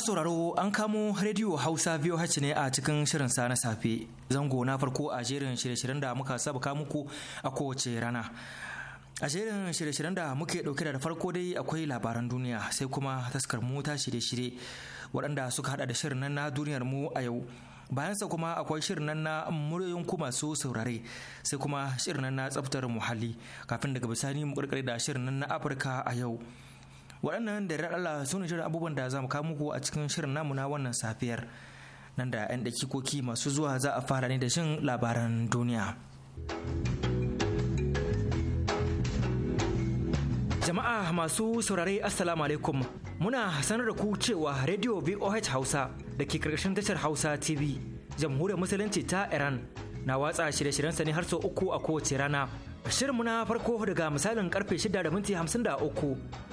sauraro an kamo rediyo Hausa VOH ne a cikin shirin sa na safe. Zango na farko a jerin shirye-shiryen da muka sabuka muku a kowace rana. A jerin shirye-shiryen da muke dauke da farko dai akwai labaran duniya sai kuma taskar mota shirye-shirye waɗanda suka hada da shirin nan na duniyar mu a yau. bayansa kuma akwai shirin nan na muryoyin ku masu saurare sai kuma shirin nan na tsaftar muhalli kafin daga bisani mu karkare da shirin nan na Afirka a yau. waɗannan da Allah su ne shirin abubuwan da za mu kawo muku a cikin shirin namu na wannan safiyar nan da 'yan dakikoki masu zuwa za a fara ne da shin labaran duniya jama'a masu saurare assalamu alaikum muna sanar da ku cewa radio voh hausa da ke karkashin tashar hausa tv jamhuriyar musulunci ta iran na watsa shirye-shiryensa ne har sau uku a kowace rana shirin na farko daga misalin karfe 6 da minti 53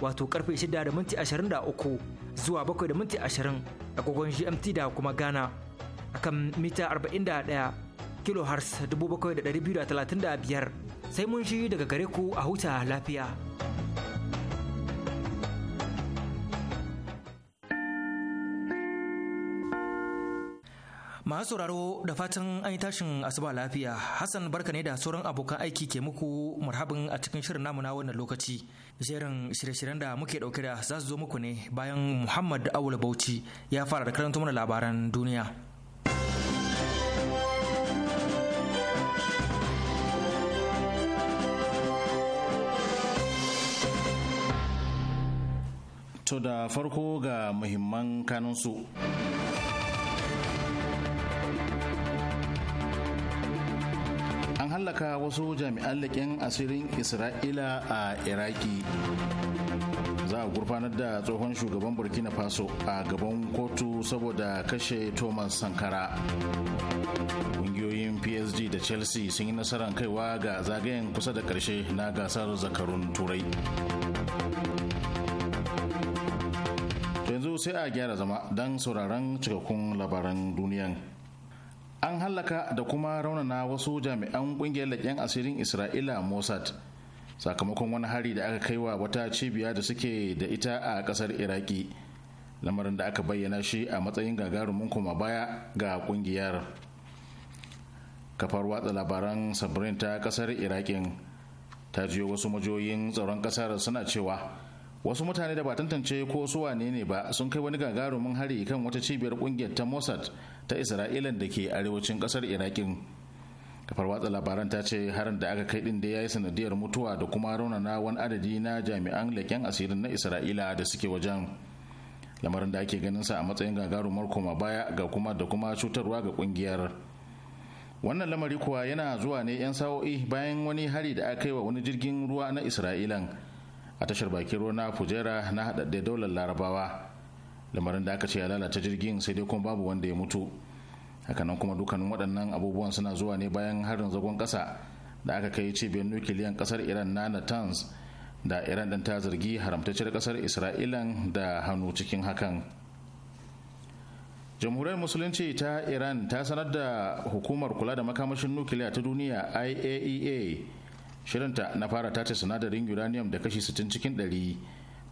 wato karfe 6 da minti 23 zuwa 7 da minti 20 agogon GMT da kuma Ghana akan mita 41 kilohertz 7235 sai mun shi daga gare ku a huta lafiya. masu sauraro da fatan an yi tashin asuba lafiya hassan barka ne da sauran abokan aiki ke muku marhabin a cikin shirin namu na wannan lokaci jerin shirye-shiryen da muke dauke da za su zo muku ne bayan muhammad awul bauchi ya fara da karanta mana labaran duniya to da farko ga muhimman kanunsu hallaka wasu jami'an laƙen asirin isra'ila a iraki za a gurfanar da tsohon shugaban burkina faso a gaban kotu saboda kashe thomas sankara Ƙungiyoyin psg da chelsea sun yi nasarar kaiwa ga zagayen kusa da ƙarshe na gasar zakarun turai yanzu sai a gyara zama don sauraron cikakkun labaran duniyan an hallaka da kuma raunana wasu jami'an kungiyar laƙen asirin isra'ila mossad sakamakon wani hari da aka kaiwa wata cibiya da suke da ita a ƙasar iraki lamarin da aka bayyana shi a matsayin gagarumin kuma baya ga kungiyar kafar watsa labaran sabrin ta ƙasar Iraki, ta jiyo wasu majoyin tsaron ƙasar suna cewa wasu mutane da ba tantance ko su wane ne ba sun kai wani gagarumin hari kan wata cibiyar kungiyar ta mossad ta isra'ilan da ke arewacin kasar irakin kafar watsa labaran ta ce harin da aka kai din da ya yi sanadiyar mutuwa da kuma raunana wani adadi na jami'an leƙen asirin na isra'ila da suke wajen lamarin da ake ganin sa a matsayin gagarumar koma baya ga kuma da kuma cutarwa ga kungiyar wannan lamari kuwa yana zuwa ne 'yan sa'o'i bayan wani hari da aka yi wa wani jirgin ruwa na isra'ilan a tashar bakin ruwa na fujera na haɗaɗɗe daular larabawa lamarin da aka ce ya lalata jirgin sai dai kuma babu wanda ya mutu hakanan kuma dukkanin waɗannan abubuwan suna zuwa ne bayan harin zagon ƙasa da aka kai cibiyar nukiliyan ƙasar iran na natanz da iran ɗin ta zargi haramtacciyar ƙasar isra'ilan da hannu cikin hakan jamhuriyar musulunci ta iran ta sanar da hukumar kula da makamashin nukiliya ta duniya iaea e shirinta na fara tace sinadarin uranium da kashi 60 cikin 100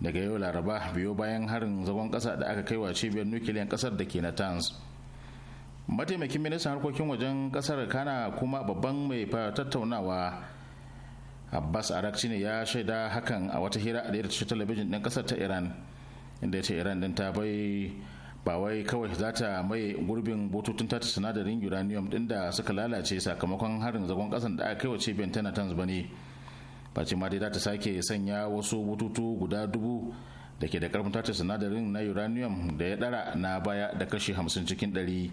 daga yau laraba biyo bayan harin zagon kasa da aka kai wa cibiyar nukiliyan kasar da ke na natanz mataimakin ministan harkokin wajen kasar kana kuma babban mai tattaunawa abbas arakci ne ya shaida hakan a wata hira da ya talabijin ɗin kasar ta iran inda ya ce iran din ta bai ba wai kawai za ta maye gurbin bututun tata sinadarin uranium din da suka lalace sakamakon harin zagon kasan da aka kai wa cibiyar tanatans ba ne face ma dai za ta sake sanya wasu bututu guda dubu da ke da karfin tata sinadarin na uranium da ya dara na baya da kashi hamsin cikin ɗari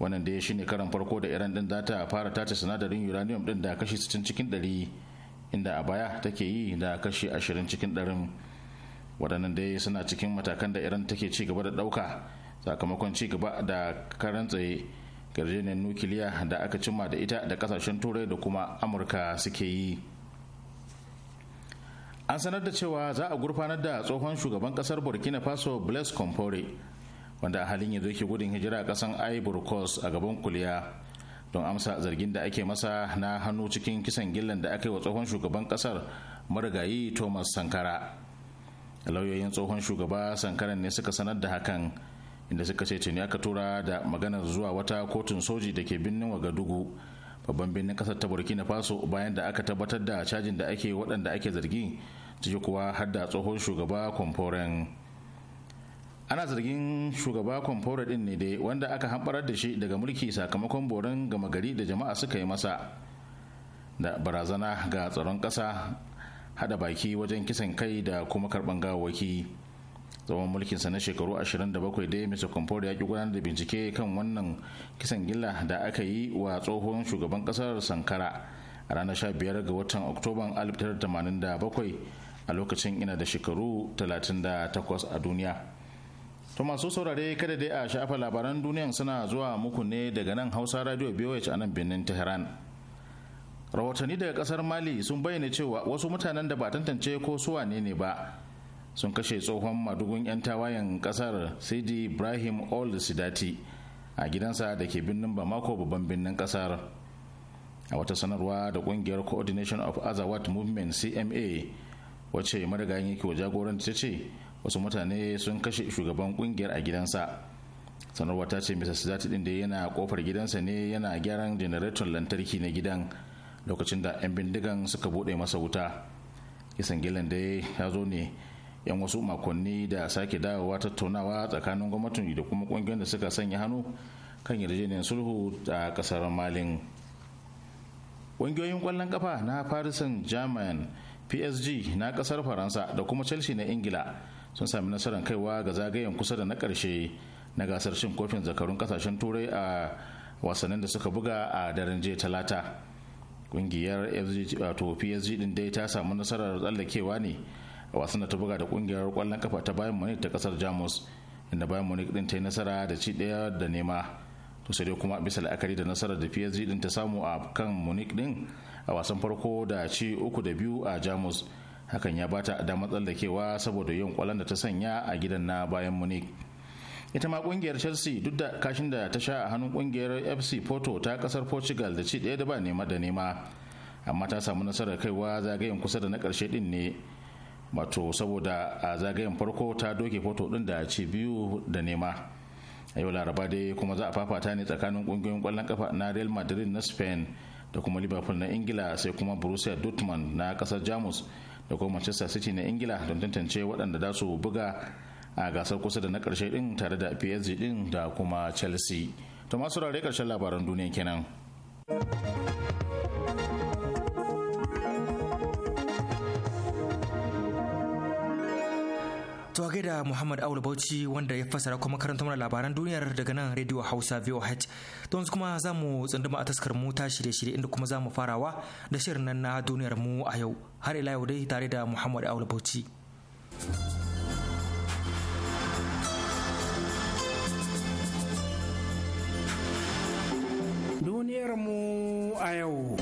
wannan dai shine karan farko da iran din za ta fara tata sinadarin uranium din da kashi 60 cikin ɗari inda a baya take yi da kashi ashirin cikin ɗarin waɗannan dai suna cikin matakan da iran take ci gaba da ɗauka sakamakon ci gaba da karan tsaye nukiliya da aka cimma da ita da kasashen turai da kuma amurka suke yi an sanar da cewa za a gurfanar da tsohon shugaban kasar burkina faso blaise compaore wanda a halin yanzu ke gudun hijira a kasan ivory coast a gaban kuliya don amsa zargin da ake masa na hannu cikin kisan gillan da aka yi wa tsohon shugaban kasar marigayi thomas sankara lauyoyin tsohon shugaba sankaran ne suka sanar da hakan inda suka ce tuni aka tura da maganar zuwa wata kotun soji da ke birnin wagadugu babban birnin kasar ta burkina faso bayan da aka tabbatar da cajin da ake waɗanda ake zargi ciki kuwa har da tsohon shugaba kwamforen ana zargin shugaba kwamfore din ne dai wanda aka hamɓarar da shi daga mulki sakamakon borin gama gari da jama'a suka yi masa da barazana ga tsaron ƙasa hada baki wajen kisan kai da kuma karban tsawon mulkin sa na shekaru 27 dai mr kompor ya ki gudanar da bincike kan wannan kisan gilla da aka yi wa tsohon shugaban kasar sankara a ranar 15 ga watan oktoban 1987 a lokacin ina da shekaru 38 a duniya to masu saurare kada dai a shafa labaran duniyan suna zuwa muku ne daga nan hausa radio bioh a nan birnin tehran rahotanni daga kasar mali sun bayyana cewa wasu mutanen da ba tantance ko su wane ne ba sun kashe tsohon madugun 'yan tawayen kasar sidi ibrahim old sidati a gidansa da ke birnin bamako babban birnin kasar a wata sanarwa da kungiyar coordination of azawat movement cma wacce marigayin yake jagoranta ta ce wasu mutane sun kashe shugaban kungiyar a gidansa sanarwa ta ce mr sidati din da yana kofar gidansa ne yana gyaran janareton lantarki na gidan lokacin da 'yan bindigan suka bude masa wuta kisan gilan da ya zo ne yan wasu makonni da sake dawowa tattaunawa tsakanin gwamnatin da kuma kungiyar da suka sanya hannu kan yarjejeniyar sulhu a kasar malin ƙungiyoyin ƙwallon kafa na farisan german psg na kasar faransa da kuma chelsea na ingila sun sami nasarar kaiwa ga zagayen kusa da na ƙarshe na gasar cin kofin zakarun kasashen turai a wasannin da suka buga a daren jiya talata kungiyar psg din dai ta samu nasarar tsallakewa ne a wasan da ta buga da kungiyar kwallon kafa ta bayan munich ta kasar jamus inda bayan munich din ta yi nasara da ci daya da nema to sai dai kuma bisa la'akari da nasarar da psg din ta samu a kan munich din a wasan farko da ci uku da biyu a jamus hakan ya bata damar tsallakewa saboda yin kwallon da ta sanya a gidan na bayan munich ita ma kungiyar chelsea duk da kashin da ta sha a hannun kungiyar fc porto ta kasar portugal da ci daya da ba nema da nema amma ta samu nasarar kaiwa zagayen kusa da na karshe din ne wato saboda a zagayen farko ta doke porto din da ci biyu da nema a yau laraba dai kuma za a fafata ne tsakanin kungiyoyin kwallon kafa na real madrid na spain da kuma liverpool na ingila sai kuma borussia dortmund na kasar jamus da kuma manchester city na ingila don tantance waɗanda za su buga a gasar kusa da na karshe din tare da PSG din da kuma Chelsea. To masu karshen labaran duniya kenan. To a gaida Muhammad Aulu Bauchi wanda ya fassara kuma karanta mana labaran duniyar daga nan Radio Hausa VOH. Don kuma za mu tsunduma a taskar mu ta shirye-shirye inda kuma za mu farawa da shirin nan na duniyar mu a yau. Har ila yau dai tare da Muhammad Aulu Bauchi. duniyarmu a yau.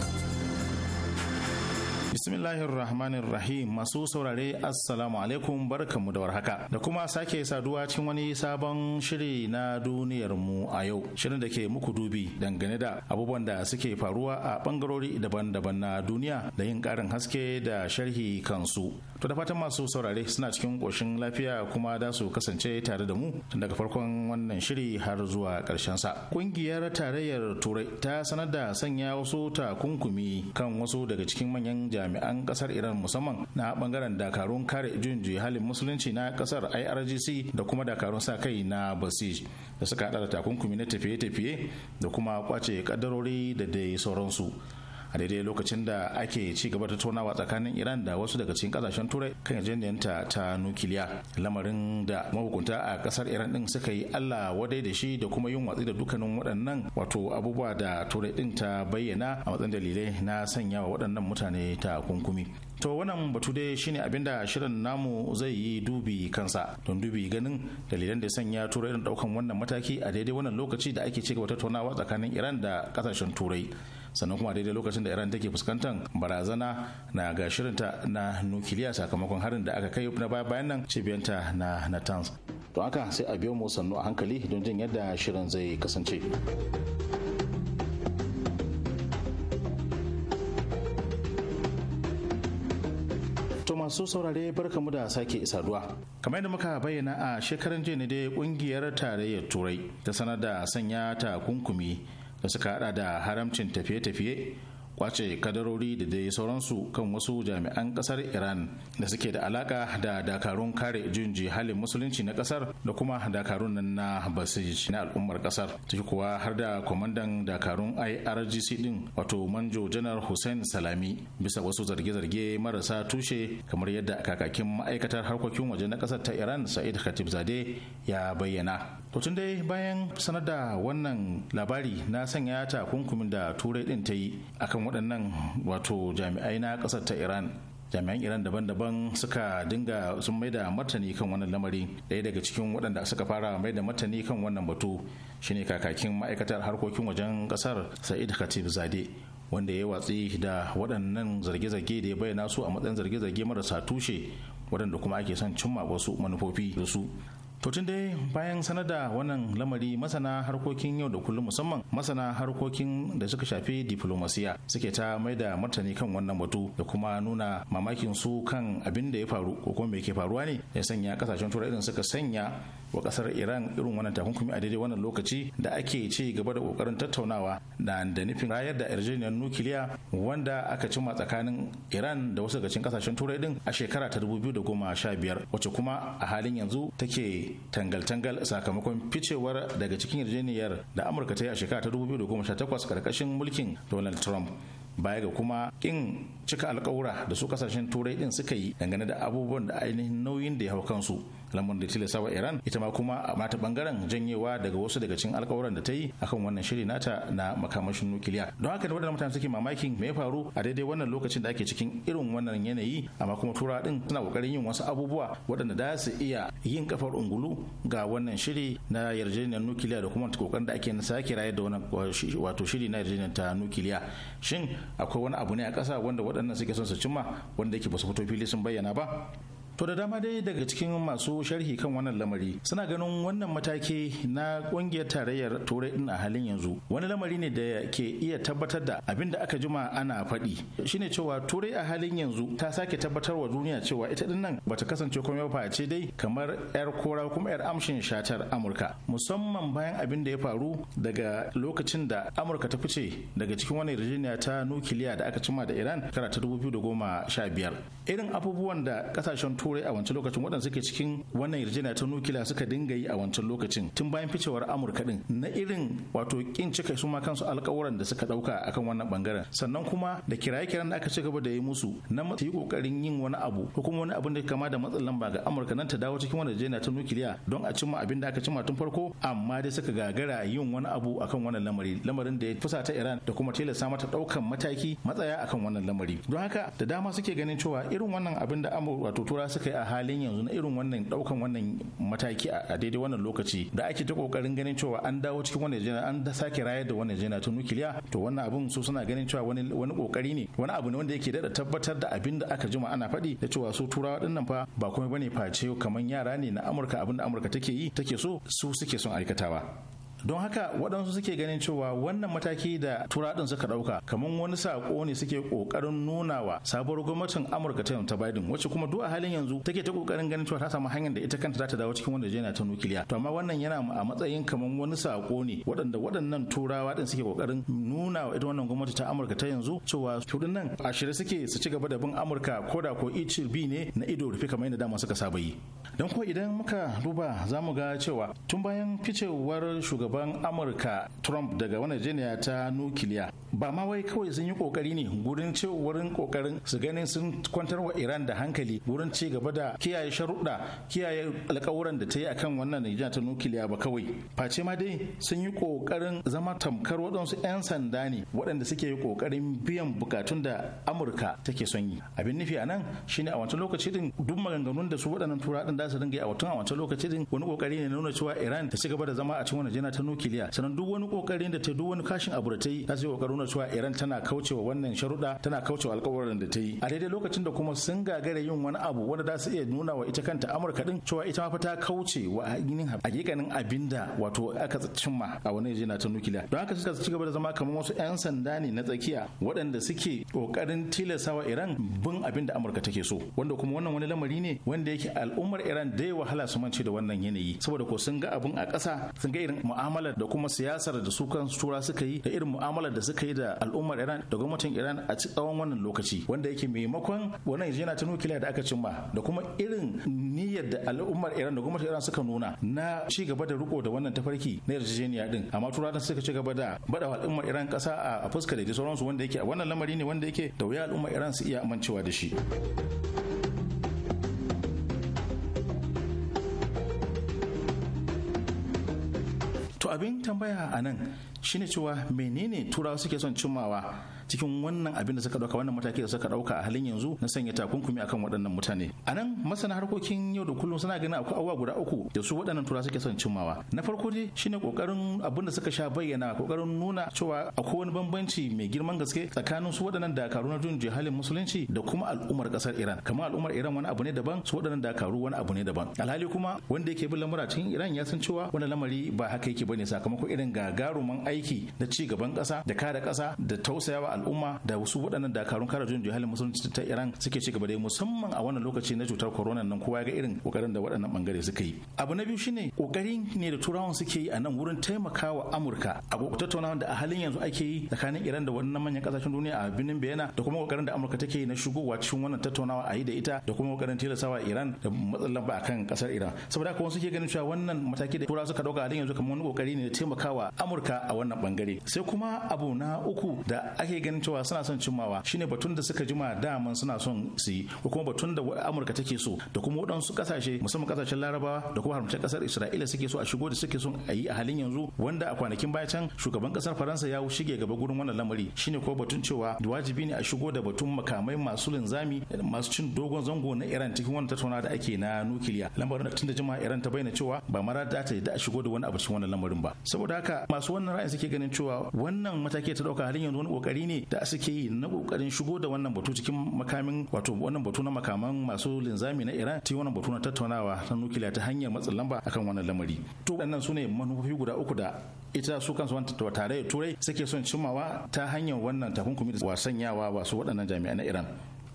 Bismillahir Rahmanir Rahim masu saurare Assalamu alaikum barkanmu da warhaka da kuma sake saduwa cikin wani sabon shiri na duniyar mu a yau shirin da ke muku dubi dangane da abubuwan da suke faruwa a bangarori daban-daban na duniya da yin karin haske da sharhi kansu To da fatan masu saurare suna cikin ƙoshin lafiya kuma da su kasance tare da mu daga farkon wannan shiri har zuwa karshen sa. Ƙungiyar tarayyar Turai ta sanar da sanya wasu takunkumi kan wasu daga cikin manyan jami'an ƙasar Iran musamman na bangaren dakarun kare juyin halin musulunci na ƙasar IRGC da kuma dakarun sa kai na Basij da suka haɗa da takunkumi na tafiye-tafiye da kuma kwace kadarori da dai sauransu. a daidai lokacin da ake ci gaba da tonawa tsakanin iran da wasu daga cikin kasashen turai kan yarjejeniyarta ta nukiliya lamarin da mahukunta a kasar iran din suka yi allah wadai da shi da kuma yin watsi da dukkanin waɗannan wato abubuwa da turai din ta bayyana a matsayin dalilai na sanya wa waɗannan mutane ta kunkumi to wannan batu dai shine abinda shirin namu zai yi dubi kansa don dubi ganin dalilan da sanya turai da daukan wannan mataki a daidai wannan lokaci da ake cigaba tattaunawa tsakanin iran da kasashen turai sannan kuma daidai lokacin da iran take fuskantar barazana na ga shirinta na nukiliya sakamakon harin da aka kai na baya bayan nan cibiyanta na natanz to haka sai a biyo mu sannu a hankali don jin yadda shirin zai kasance to masu saurare barkamu da sake saduwa. Kamar yadda muka bayyana a shekaran jiya ne dai kungiyar tarayyar Turai ta sanar da sanya ta kunkumi da suka hada da haramcin tafiye-tafiye kwace kadarori da dai sauransu kan wasu jami'an kasar iran da suke da alaka da dakarun kare juyin halin musulunci na kasar da kuma dakarun nan na basij na al'ummar kasar ciki kuwa har da kwamandan dakarun irgc din wato manjo janar hussein salami bisa wasu zarge-zarge marasa tushe kamar yadda kakakin ma'aikatar harkokin waje na kasar ta iran sa'id khatib zade ya bayyana to tun dai bayan sanar da wannan labari na sanya ta kunkumin da turai din ta yi akan waɗannan wato jami'ai na ƙasar ta iran jami'an iran daban-daban suka dinga sun maida martani kan wannan lamari ɗaya daga cikin waɗanda suka fara maida martani kan wannan batu shine kakakin ma'aikatar harkokin wajen ƙasar sa'id khatib zade wanda ya watsi da waɗannan zarge-zarge da ya bayyana su a matsayin zarge-zarge marasa tushe waɗanda kuma ake son cimma wasu manufofi da su To tun dai bayan sanar da wannan lamari masana harkokin yau da kullum musamman masana harkokin da suka shafi diplomasiya suke ta mai da martani kan wannan batu da kuma nuna mamakin su kan abin da ya faru ko kuma me ke faruwa ne ya sanya kasashen turai irin suka sanya wa kasar iran irin wannan takunkumi a daidai wannan lokaci da ake ci gaba da kokarin tattaunawa da da nufin rayar da yarjejeniyar nukiliya wanda aka cimma tsakanin iran da wasu gacin kasashen turai din a shekara ta biyar wacce kuma a halin yanzu take tangal-tangal sakamakon ficewar daga cikin yarjejeniyar da amurka ta yi a shekara ta 2018 karkashin mulkin donald trump baya ga kuma kin cika alkawura da su kasashen turai din suka yi dangane da abubuwan da ainihin nauyin da ya hau kansu lamun da tilasta wa iran ita ma kuma a mata bangaren janyewa daga wasu daga cikin alkawuran da ta yi akan wannan shiri nata na makamashin nukiliya don haka da waɗannan mutane suke mamakin me ya faru a daidai wannan lokacin da ake cikin irin wannan yanayi amma kuma tura din suna kokarin yin wasu abubuwa waɗanda da su iya yin kafar ungulu ga wannan shiri na yarjejeniyar nukiliya da kuma kokarin da ake na sake rayar da wannan wato shiri na yarjejeniyar ta nukiliya shin akwai wani abu ne a ƙasa wanda waɗannan suke son su cimma wanda yake ba su fito fili sun bayyana ba To da dama dai daga cikin masu sharhi kan wannan lamari suna ganin wannan mataki na kungiyar tarayyar turai din a halin yanzu wani lamari ne da ke iya tabbatar da abin da aka jima ana faɗi shine cewa turai a halin yanzu ta sake tabbatar wa duniya cewa ita din nan bata kasance komai ba ce dai kamar yar kora kuma yar amshin shatar Amurka musamman bayan abin da ya faru daga lokacin da Amurka ta fice daga cikin wani rijiniya ta nukiliya da aka cima da Iran kara ta biyar. irin abubuwan da kasashen turai a wancan lokacin waɗanda suke cikin wannan yarjejeniya ta nukiliya suka dinga yi a wancan lokacin tun bayan ficewar amurka din na irin wato kin cika su ma kansu alkawuran da suka ɗauka akan wannan bangaren sannan kuma da kiraye-kiran da aka ci gaba da yi musu na su yi kokarin yin wani abu ko kuma wani abin da kama da matsin lamba ga amurka nan ta dawo cikin wannan yarjejeniya ta nukiliya don a cimma abin da aka cimma tun farko amma dai suka gagara yin wani abu akan wannan lamari lamarin da ya fusata iran da kuma tilasta mata ɗaukan mataki matsaya akan wannan lamari don haka da dama suke ganin cewa irin wannan abin da amurka wato tura suka yi a halin yanzu na irin wannan daukan wannan mataki a daidai wannan lokaci da ake ta kokarin ganin cewa an dawo cikin wannan jina an sake rayar da wannan jina ta nukiliya to wannan abun su suna ganin cewa wani wani kokari ne wani abu ne wanda yake dada tabbatar da abin da aka jima ana faɗi da cewa su turawa dinnan fa ba komai bane face kamar yara ne na Amurka abin da Amurka take yi take so su suke son aikatawa don haka waɗansu suke ganin cewa wannan mataki da turaɗin suka ɗauka kamar wani saƙo ne suke ƙoƙarin nunawa sabuwar gwamnatin amurka ta ta biden wacce kuma duk a halin yanzu take ta ƙoƙarin ganin cewa ta samu hanyar da ita kanta za ta dawo cikin wanda jena ta nukiliya to amma wannan yana a matsayin kamar wani saƙo ne waɗanda waɗannan turawa ɗin suke ƙoƙarin nuna wa ita wannan gwamnati ta amurka ta yanzu cewa tuɗin nan a shirye suke su ci gaba da bin amurka ko da ko ice bi ne na ido rufe kamar yadda dama suka saba yi don ko idan muka duba za mu ga cewa tun bayan ficewar shugaban shugaban amurka trump daga wani jiniya ta nukiliya ba ma wai kawai sun yi kokari ne gurin ce wurin kokarin su ganin sun kwantar wa iran da hankali wurin ci gaba da kiyaye sharuɗa kiyaye alkawuran da ta yi akan wannan nijina ta nukiliya ba kawai face ma dai sun yi kokarin zama tamkar waɗansu 'yan sanda ne waɗanda suke yi kokarin biyan bukatun da amurka take son yi abin nufi a nan shine a wancan lokaci din duk maganganun da su waɗannan tura din da su dinga yi a wancan lokaci din wani kokari ne nuna cewa iran ta ci gaba da zama a cikin wani jina ta nukiliya sannan duk wani kokarin da ta duk wani kashin abu da ta yi ta sai kokarin cewa Iran tana kaucewa wannan sharuɗa tana kaucewa alƙawarin da ta yi a daidai lokacin da kuma sun gagara yin wani abu wanda za su iya nuna wa ita kanta Amurka din cewa ita ma ta kauce wa hakikanin hakikanin abinda wato aka cimma a wani na ta nukiliya don haka suka ci gaba da zama kamar wasu 'yan sanda ne na tsakiya waɗanda suke kokarin tilasawa Iran bin abin da Amurka take so wanda kuma wannan wani lamari ne wanda yake al'ummar Iran da wahala su mance da wannan yanayi saboda ko sun ga abin a ƙasa sun ga irin mu'amala mu'amalar da kuma siyasar da su kan tura suka yi da irin mu'amalar da suka yi da al'ummar Iran da gwamnatin Iran a tsawon wannan lokaci wanda yake maimakon wannan yana ta nukiliya da aka cimma da kuma irin niyyar da al'ummar Iran da gwamnatin Iran suka nuna na ci gaba da riko da wannan tafarki na yarjejeniya din amma turawa suka ci gaba da bada al'ummar Iran kasa a fuskar da sauransu wanda yake wannan lamari ne wanda yake da wuya al'ummar Iran su iya amincewa da shi. abin tambaya a nan shine cewa menene turawa suke son cimawa. cikin wannan abin da suka dauka wannan mataki da suka dauka a halin yanzu na sanya takunkumi akan waɗannan mutane a nan masana harkokin yau da kullum suna ganin akwai abubuwa guda uku da su waɗannan tura suke son cimmawa na farko dai shine kokarin abin da suka sha bayyana kokarin nuna cewa akwai wani bambanci mai girman gaske tsakanin su waɗannan dakaru na jin jihalin musulunci da kuma al'ummar ƙasar iran kamar al'ummar iran wani abu ne daban su waɗannan dakaru wani abu ne daban alhali kuma wanda yake bin lamura cikin iran ya san cewa wani lamari ba haka yake bane sakamakon irin gagaruman aiki na ci gaban ƙasa da kare ƙasa da tausayawa al'umma da wasu waɗannan dakarun kare juyin halin musulunci ta Iran suke ci gaba da musamman a wannan lokaci na cutar corona nan kowa ga irin kokarin da waɗannan bangare suka yi. Abu na biyu shine kokarin ne da turawan suke yi a nan wurin taimakawa Amurka a tattaunawa da a halin yanzu ake yi tsakanin Iran da wannan manyan kasashen duniya a birnin Vienna da kuma kokarin da Amurka take yi na shigowa cikin wannan tattaunawa a yi da ita da kuma kokarin tilasawa Iran da matsalan ba kan kasar Iran. Saboda haka wasu ganin cewa wannan mataki da turawa suka dauka halin yanzu kamar wani kokari ne da taimakawa Amurka a wannan bangare. Sai kuma abu na uku da ake ganin cewa suna son cimmawa shine batun da suka jima daman suna son su yi ko kuma batun da amurka take so da kuma waɗansu ƙasashe musamman ƙasashen larabawa da kuma haramcin ƙasar isra'ila suke so a shigo da suke son a yi a halin yanzu wanda a kwanakin baya can shugaban kasar faransa ya shige gaba gurin wannan lamari shine ko batun cewa wajibi ne a shigo da batun makamai masu linzami masu cin dogon zango na iran cikin wannan tattauna da ake na nukiliya lambarin da tun da jima iran ta bayyana cewa ba mara da ta da a shigo da wani abu cikin wannan lamarin ba saboda haka masu wannan ra'ayin suke ganin cewa wannan mataki ta ɗauka halin yanzu wani ƙoƙari ne ne da suke yi na kokarin shigo da wannan batu cikin makamin wato wannan batu na makaman masu linzami na Iran ta wannan batu na tattaunawa na nukiliya ta hanyar matsin lamba akan wannan lamari to wannan su ne manufofi guda uku da ita su kansu wata tare da turai suke son cimmawa ta hanyar wannan takunkumi da wasan yawa wasu waɗannan jami'an na Iran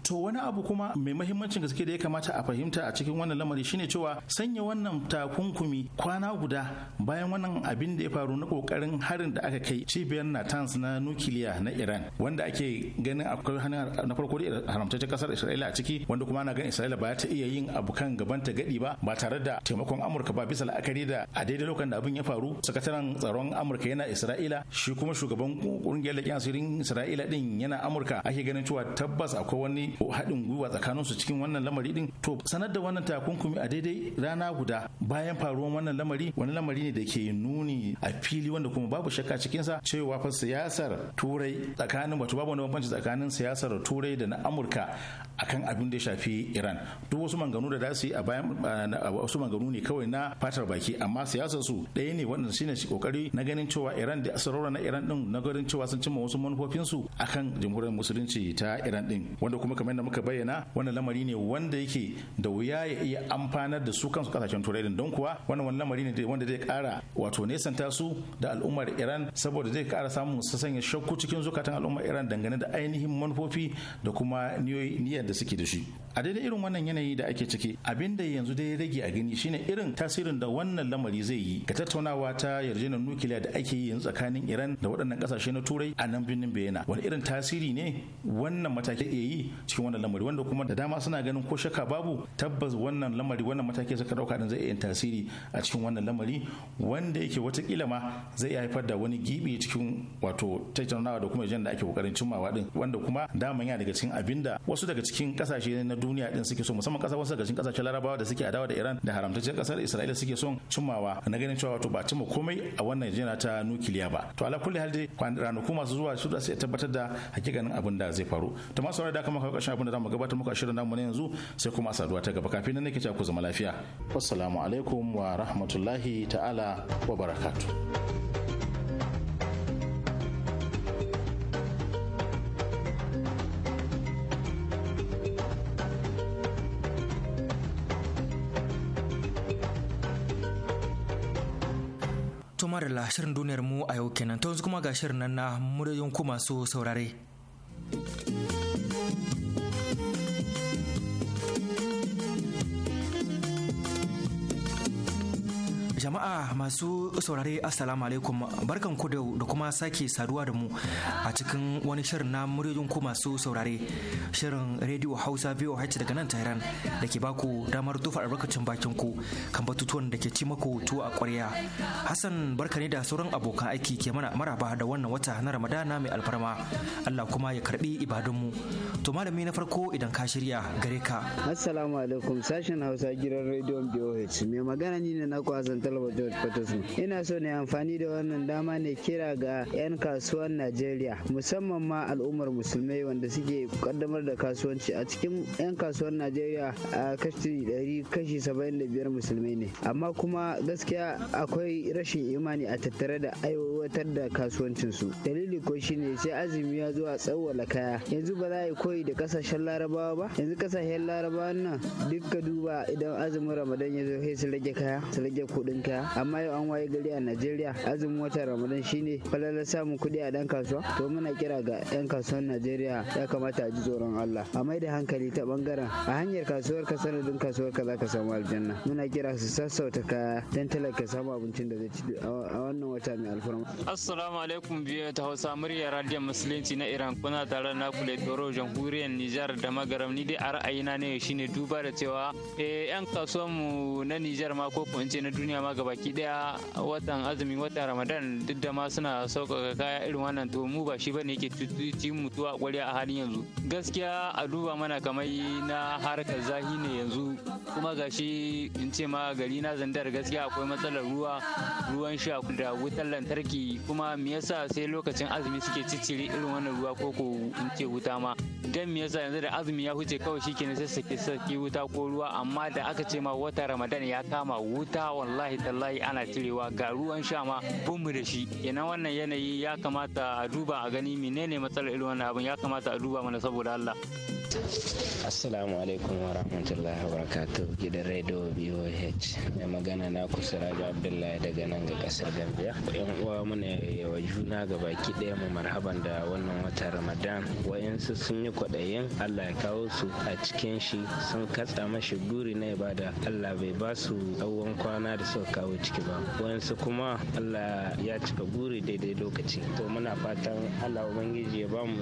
to wani abu kuma mai mahimmancin gaske da ya kamata a fahimta a cikin wannan lamari shine cewa sanya wannan takunkumi kwana guda bayan wannan abin da ya faru na kokarin harin da aka kai cibiyar Natanz na nukiliya na Iran wanda ake ganin akwai hannun na farko da haramtaccen kasar Isra'ila a ciki wanda kuma na ganin Isra'ila ba ta iya yin abu kan gaban ta gadi ba ba tare da taimakon Amurka ba bisa la'akari da a daidai lokacin da abin ya faru sakataren tsaron Amurka yana Isra'ila shi kuma shugaban kungiyar leƙen asirin Isra'ila din yana Amurka ake ganin cewa tabbas akwai wani haɗin gwiwa tsakaninsu su cikin wannan lamari din to sanar da wannan takunkumi a daidai rana guda bayan faruwan wannan lamari wani lamari ne da ke nuni a fili wanda kuma babu shakka cikinsa. cewa fa siyasar turai tsakanin wato babu wani bambanci tsakanin siyasar turai da na amurka akan abin da ya shafi iran duk wasu manganu da za su yi a bayan wasu manganu ne kawai na fatar baki amma siyasar su ɗaya ne wannan shine kokari na ganin cewa iran da sarora na iran din na ganin cewa sun cimma wasu manufofin su akan jamhuriyar musulunci ta iran din wanda kuma kamar yadda muka bayyana wannan lamari ne wanda yake da wuya ya iya amfanar da su kansu kasashen turai din don kuwa wannan wani lamari ne wanda zai kara wato nesanta su da al'ummar iran saboda zai kara samun su sanya shakku cikin zukatan al'ummar iran dangane da ainihin manufofi da kuma niyyar da suke da shi a daidai irin wannan yanayi da ake ciki abin da yanzu dai rage a gani shine irin tasirin da wannan lamari zai yi ga tattaunawa ta yarjejeniyar nukiliya da ake yi yanzu tsakanin iran da waɗannan ƙasashe na turai a nan birnin bayana wani irin tasiri ne wannan mataki ke yi cikin wannan lamari wanda kuma da dama suna ganin ko shakka babu tabbas wannan lamari wannan mataki suka ɗauka din zai iya tasiri a cikin wannan lamari wanda yake watakila ma zai iya haifar da wani gibi cikin wato tattaunawa da kuma yarjejeniyar da ake kokarin cimmawa din wanda kuma daman yana daga cikin abin da wasu daga cikin cikin kasashe na duniya din suke so musamman kasar wasu daga kasashen larabawa da suke adawa da iran da haramtacciyar kasar isra'ila suke son cimmawa na ganin cewa wato ba cimma komai a wannan jina ta nukiliya ba to ala kulli hal dai ranaku masu zuwa su da sai tabbatar da hakikanin abin da zai faru to masu da kuma kawo kashin abin da zamu gabatar muku a shirin namu na yanzu sai kuma saduwa ta gaba kafin nan nake cewa ku zama lafiya assalamu alaikum wa rahmatullahi ta'ala wa barakatuh madalla shirin duniyar mu a yau kenan to yanzu kuma ga shirin nan na muryoyin ku masu saurare. Jama'a masu saurare Assalamu alaikum barkan ku da kuma sake saduwa da mu a cikin wani shirin na muryoyin ku masu saurare shirin Radio Hausa VOH daga nan Tehran da ke baku damar tufa albarkacin bakin ku kan batutuwan da ke ci maku tuwo a ƙwarya. Hassan barka ne da sauran abokan aiki ke mana maraba da wannan wata na Ramadana mai alfarma. Allah kuma ya karbi mu To malami na farko idan ka shirya gare ka. Assalamu alaikum sashen Hausa gidan Radio BOH mai magana ni ne na kwazanta Dalba George Patterson. Ina so na amfani da wannan dama ne kira ga 'yan kasuwan Najeriya musamman ma al'ummar musulmai wanda suke kaddamar da kasuwanci a cikin 'yan kasuwan Najeriya a kashi 100 kashi biyar musulmai ne. Amma kuma gaskiya akwai rashin imani a tattare da aiwatar da su Dalili ko shine sai azumi ya zo a tsawwala kaya. Yanzu ba za a yi koyi da kasashen larabawa ba. Yanzu kasashen larabawa nan duk ka duba idan azumin Ramadan ya zo sai su rage kaya su rage kuɗin dukiya amma yau an waye gari a najeriya azumin watan ramadan shine falalar samun kuɗi a dan kasuwa to muna kira ga yan kasuwan najeriya ya kamata a ji tsoron allah a mai da hankali ta bangaren a hanyar kasuwar ka sanadin kasuwar ka zaka samu aljanna muna kira su sassauta kaya dan talaka samu abincin da zai ci a wannan wata mai alfarma assalamu alaikum biyu ta hausa murya radiyon musulunci na iran kuna tare na kule toro jamhuriyar nijar da magaram ni dai a ra'ayina ne shine duba da cewa eh yan kasuwan mu na nijar ma ko ko na duniya ma ma baki daya watan azumin watan ramadan duk da ma suna sauƙaƙa kaya irin wannan to mu ba shi bane yake ci mutuwa ƙwarya a halin yanzu gaskiya a duba mana kamar na harkar zahi ne yanzu kuma shi in ce ma gari na zandar gaskiya akwai matsalar ruwa ruwan sha da wutar lantarki kuma me yasa sai lokacin azumi suke ciccire irin wannan ruwa ko ko in ce wuta ma dan me yasa yanzu da azumi ya huce kawai shi ne sai saki wuta ko ruwa amma da aka ce ma watan ramadan ya kama wuta wallahi tallahi ana cirewa ga ruwan sha ma bunmu da shi Ina wannan yanayi ya kamata a duba a gani menene matsalar irin wannan abin ya kamata a duba mana saboda Allah Assalamu alaikum wa rahmatullahi wa barakatuh gidan Radio BOH mai magana na kusa Rabi Abdullahi daga nan ga kasar Gambia. Yan uwa muna yawa eh, juna ga baki ɗaya mu marhaban da wannan wata Ramadan. Wayansu sun yi kwaɗayin Allah ya kawo su a cikin shi sun katsa mashi guri na ibada Allah bai ba su tsawon kwana da suka kawo ciki ba. Wayansu kuma Allah ya cika guri daidai lokaci. To muna fatan Allah Ubangiji ya ba mu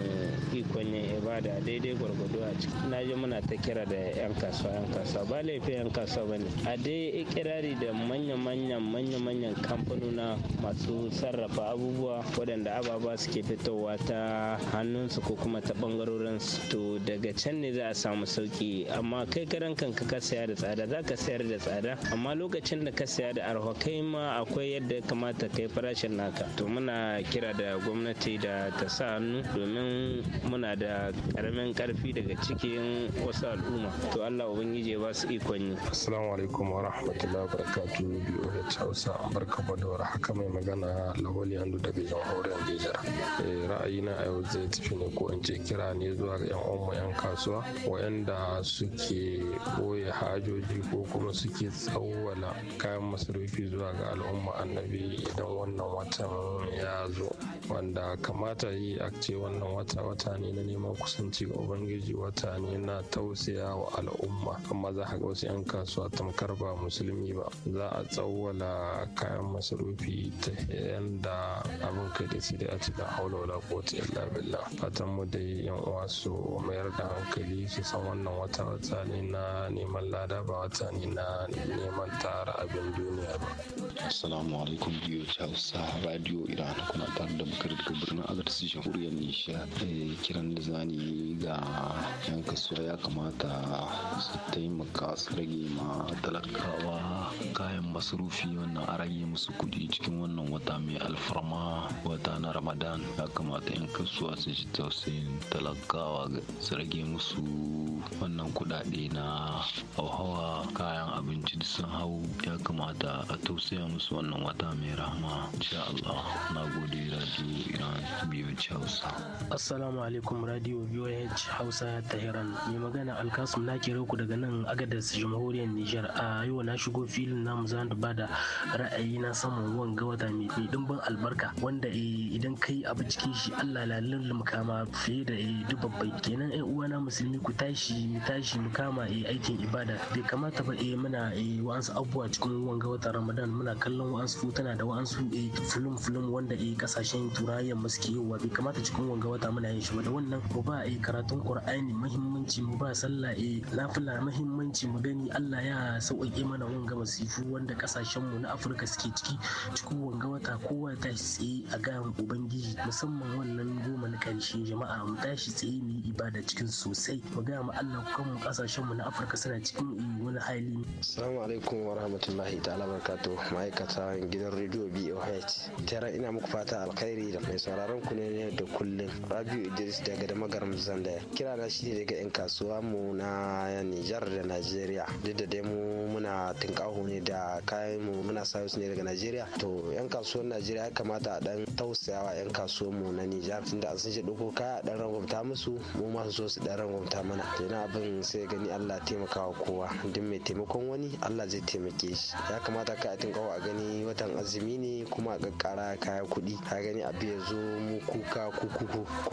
ikon yin ibada daidai gwargwado a na ji muna ta kira da yan kasuwa yan kasuwa ba laifin yan kasuwa ba ne a dai ikirari da manya-manyan manya-manyan kamfanuna masu sarrafa abubuwa waɗanda ababa suke fitowa ta hannunsu ko kuma ta ɓangarorin to daga can ne za a samu sauki amma kai karan kanka ka saya da tsada za ka sayar da tsada amma lokacin da ka saya da arha kai ma akwai yadda ya kamata kai farashin naka to muna kira da gwamnati da ta sa hannu domin muna da ƙaramin ƙarfi daga daga cikin wasu al'umma to Allah ubangiji ya ba su ikon yi assalamu alaikum wa rahmatullahi wa barakatuh BOH Hausa barka da war haka mai magana Lawali Andu daga jamhuriyar Nijar eh, ra'ayina a yau zai tafi ne ko in ce kira ne zuwa ga yan umma yan kasuwa wayanda suke boye hajoji ko kuma suke tsawwala kayan masarufi zuwa ga al'umma annabi idan wannan watan ya zo wanda kamata yi a ce wannan wata wata ne na neman kusanci ga ubangiji wata ne na tausaya wa al'umma amma za a ga wasu 'yan kasuwa tamkar ba musulmi ba za a tsawwala kayan masarufi ta yanda abin kai da sai a cikin haula wala ko ta illa billah fatan mu dai yan uwa su mayar da hankali su san wannan wata wata ne na neman lada ba wata ne na neman tara abin duniya ba assalamu alaikum biyu ta radio iran kuma tare da bukar su jamhuriyar nishar kiran da zani ga yan kasuwa ya kamata su taimaka su rage ma talakawa kayan masarufi wannan a rage musu kuɗi cikin wannan wata mai alfarma wata na ramadan ya kamata yan kasuwa su ji tausayin talakawa su rage musu wannan kuɗaɗe na hauhawa kayan abinci da sun hau ya kamata a tausaya musu wannan wata mai rahama insha na gode radio Iran BOH Hausa. Assalamu alaikum Radio BOH Hausa Tahiran. Mai magana Alkasum na kira ku daga nan Agadez Jamhuriyar Nijar. A yau na shigo filin namu za ba da ra'ayi na saman wanga wata mai dimbin albarka wanda eh, idan kai abu cikin shi Allah lalin kama fiye da eh, dubabbai. Kenan ai uwana musulmi ku tashi mu tashi mu kama eh, aikin ibada. Bai kamata ba eh muna wa'ansu abubuwa cikin wanga wata Ramadan muna kallon wa'ansu tana da wa'ansu fulum-fulum wanda kasashen turayen musu ke kawowa bai kamata cikin wanga wata muna yin shi ba da wannan mu ba a karatun qur'ani muhimmanci mu ba sallah eh nafila muhimmanci mu gani Allah ya sauƙaƙe mana wanga masifu wanda kasashen mu na Afirka suke ciki cikin wanga wata kowa ta tsaye a ga ubangiji musamman wannan goma na karshe jama'a mu tashi tsaye mu yi ibada cikin sosai mu ga mu Allah kan mu kasashen mu na Afirka suna cikin eh, wani hali Assalamu alaikum wa rahmatullahi ta'ala barakatuh ma'aikatan gidan rediyo BOH tare ina muku fata alkhairi da mai sauraron ku na yau da kullum rabiu idris daga da magaram zandaya kira na shi daga yan kasuwa mu na nijar da najeriya duk da dai mu muna tinkaho ne da kayan mu muna sayo ne daga najeriya to yan kasuwar najeriya ya kamata a dan tausayawa yan kasuwar mu na nijar tunda da sun shi ɗauko kaya a dan rangwamta musu mu ma so su dan rangwamta mana to na abin sai gani allah taimakawa kowa duk mai taimakon wani allah zai taimake shi ya kamata ka a tinkaho a gani watan azumi ne kuma a kakkara kaya kuɗi ka gani abu ya zo mu kuka ku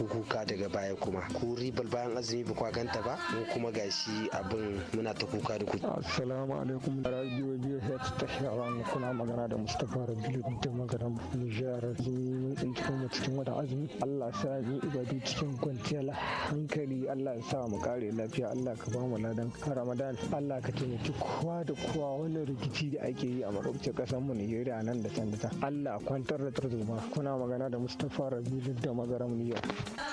kuka daga baya kuma ku ribar bayan azumi ba kwa ganta ba mu kuma gashi abin muna ta kuka da ku assalamu alaikum radio biyu head ta shawaran kuna magana da mustapha rabiu da magana nijar mun tsinci kuma cikin wata azumi allah sa mu ibadu cikin kwanciyar hankali allah ya sa mu kare lafiya allah ka ba mu ladan ramadan allah ka taimaki kowa da kowa wannan rikici da ake yi a makwabcin kasar mu Nijeriya nan da can da can allah kwantar da tarzoma kuna magana da mustapha rabiu birnin da magaram niyyar.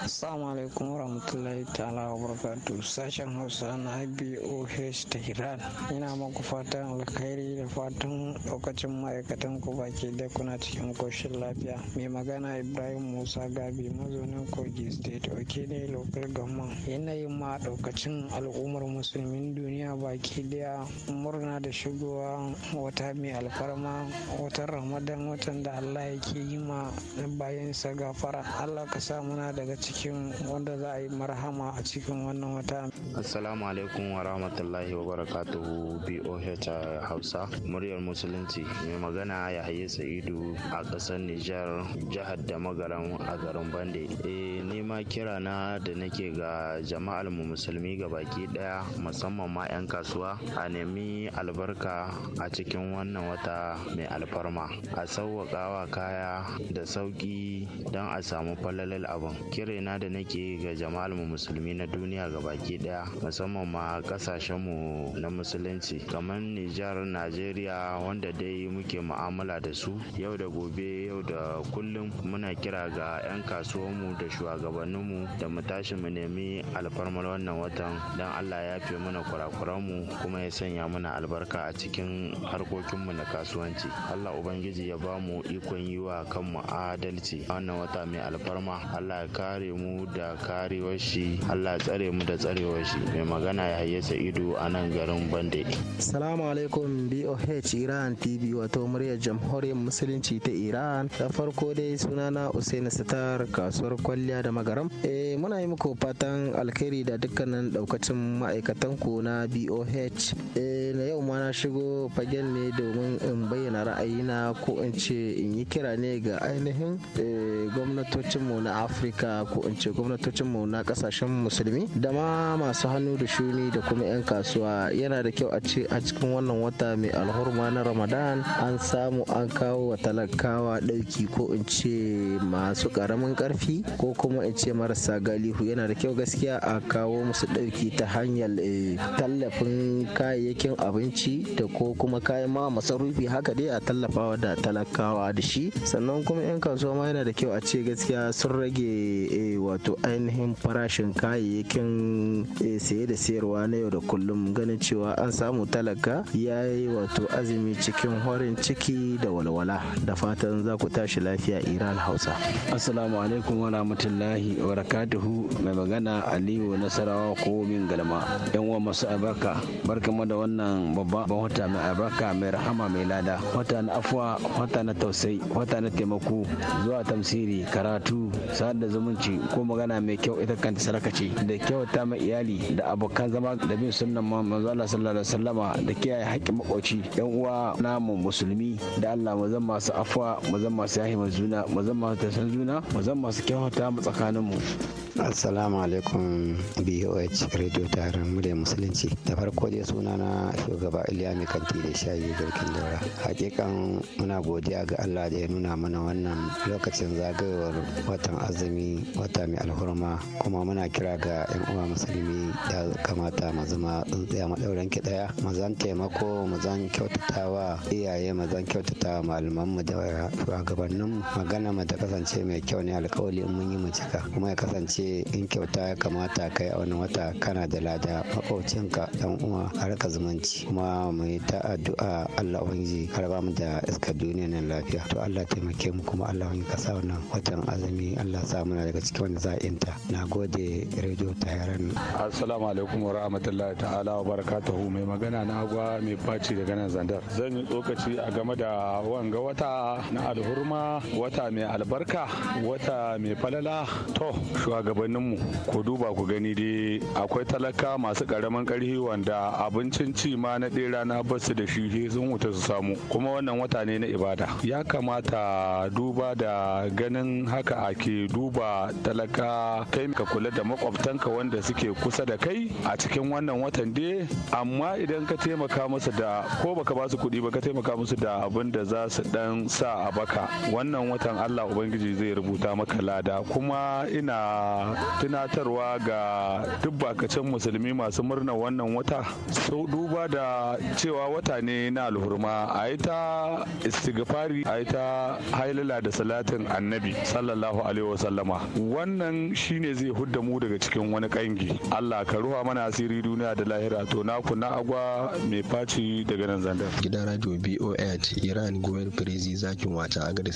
Assalamu alaikum warahmatullahi ta'ala wa barakatu sashen Hausa na ta Tehran. Ina maku fatan alkhairi da fatan lokacin ma'aikatan ku baki da kuna cikin koshin lafiya. Mai magana Ibrahim Musa Gabi mazaunin Kogi State Oke ne local government. Yanayin ma daukacin al'ummar musulmin duniya baki daya murna da shigowa wata mai alfarma watan Ramadan watan da Allah yake yi ma bayan sa gafa gafara allah ka sa muna daga cikin wanda za a yi marhama a cikin wannan wata assalamu alaikum wa rahmatullahi wa barakatuhu boh uh, hausa muryar musulunci mai magana ya haye sa'idu a ƙasar nijar jihar da magaran a garin bande eh nema kira na da nake ga jama'ar mu musulmi ga baki daya musamman ma 'yan kasuwa a nemi albarka a cikin wannan wata mai alfarma a sauwaƙawa kaya da sauƙi don a samu falalal abin kirena da nake ga jama'ar mu musulmi na duniya ga baki daya musamman ma kasashen mu na musulunci kamar Nijar Najeriya wanda dai muke mu'amala da su yau da gobe yau da kullum muna kira ga 'yan kasuwanmu da shugabanninmu da mu tashi mu nemi alfarmar wannan watan don Allah ya fi mana kurakuranmu kuma ya sanya mana albarka a cikin harkokinmu na kasuwanci Allah Ubangiji ya ba mu ikon yi wa kanmu adalci a wannan wata mai alfarma Allah ya kare mu da karewar shi Allah tsare mu da tsarewar shi mai magana ya hayyasa ido a nan garin bande Assalamu alaikum BOH Iran TV wato murya jamhuriyar musulunci ta Iran da farko dai sunana Usaini Sitar kasuwar kwalliya da magaram eh muna yi muku fatan alkhairi da dukkanin daukacin ma'aikatan ku na BOH eh na yau ma na shigo fagen ne domin in bayyana ra'ayina ko in ce in yi kira ne ga ainihin eh, gwamnati gwamnatocinmu na afirka ko in ce gwamnatocinmu na kasashen musulmi da ma masu hannu da shuni da kuma 'yan kasuwa yana da kyau a ce a cikin wannan wata mai alhurma na ramadan an samu an kawo wa talakawa ɗauki ko in ce masu ƙaramin ƙarfi ko kuma in ce marasa galihu yana da kyau gaskiya a kawo musu ɗauki ta hanyar eh, tallafin kayayyakin abinci da ko kuma kayan ma masarufi haka dai a tallafawa da talakawa da shi sannan kuma 'yan kasuwa ma yana da kyau a ce gaskiya sun rage eh, wato ainihin farashin kayayyakin eh, saye da sayarwa na yau da kullum ganin cewa an samu talaka ya yi wato azumi cikin horin ciki da walwala da fatan za ku tashi lafiya iran hausa assalamu alaikum wa rahmatullahi wa rakatuhu mai magana aliyu nasarawa ko min galma yan uwa masu albarka barkamu da wannan babban wata mai albarka mai rahama mai lada wata na afuwa wata na tausayi wata na taimako zuwa tamsiri karatu sa'ad da zumunci ko magana mai kyau ita kanta sadaka ce da kyauta ma iyali da abokan zama da bin sunnan manzo Allah sallallahu alaihi wasallama da kiyaye haƙƙin makoci yan uwa namu musulmi da Allah mu zama masu afwa mu zama masu yahi mazuna mu zama masu tasan juna mu zama masu kyauta mu tsakaninmu assalamu alaikum boh radio taron murya musulunci da farko dai suna na shugaba iliya mai kanti da shayi garkin daura hakikan muna godiya ga allah da ya nuna mana wannan lokacin zagayowar watan azumi wata mai alhurma kuma muna kira ga yan uwa musulmi ya kamata mu zama tsuntsiya maɗauran ki ɗaya mu zan taimako mu zan kyautatawa iyaye mu zan kyautatawa mu da mu magana mu ta kasance mai kyau ne alkawali in mun yi mu cika kuma ya kasance ce in kyauta ya kamata kai a wani wata kana da lada makwabcinka dan uwa har ka zumunci kuma mu yi ta addu'a Allah ubangiji har ba mu da iska duniya nan lafiya to Allah taimake mu kuma Allah ubangiji ka sa wannan watan azumi Allah sa muna daga cikin wanda za a na gode radio tayaran assalamu alaikum wa rahmatullahi ta'ala wa barakatuhu mai magana na agwa mai faci daga nan zandar zan yi tsokaci a game da wanga wata na alhurma wata mai albarka wata mai falala to shugaban shugabanninmu ku duba ku gani dai akwai talaka masu karamin karfi wanda abincin ci ma na ɗaya rana ba su da shi sun wuta su samu kuma wannan wata ne na ibada ya kamata duba da ganin haka ake duba talaka kai ka kula da makwabtanka wanda suke kusa da kai a cikin wannan watan dai amma idan ka taimaka musu da ko baka ba su kuɗi ba ka taimaka musu da abin da za su dan sa a baka wannan watan Allah Ubangiji zai rubuta maka lada kuma ina tunatarwa ga duk bakacin musulmi masu murnar wannan wata so duba da cewa wata ne na alhurma a yi ta istighfari a yi ta hailala da salatin annabi sallallahu alaihi wasallama wannan shine zai hudda mu daga cikin wani kangi allah ka ruwa mana asiri duniya da lahira to na kuna agwa mai faci daga nan zandar gidan radio boh iran goyar firizi zakin wata agada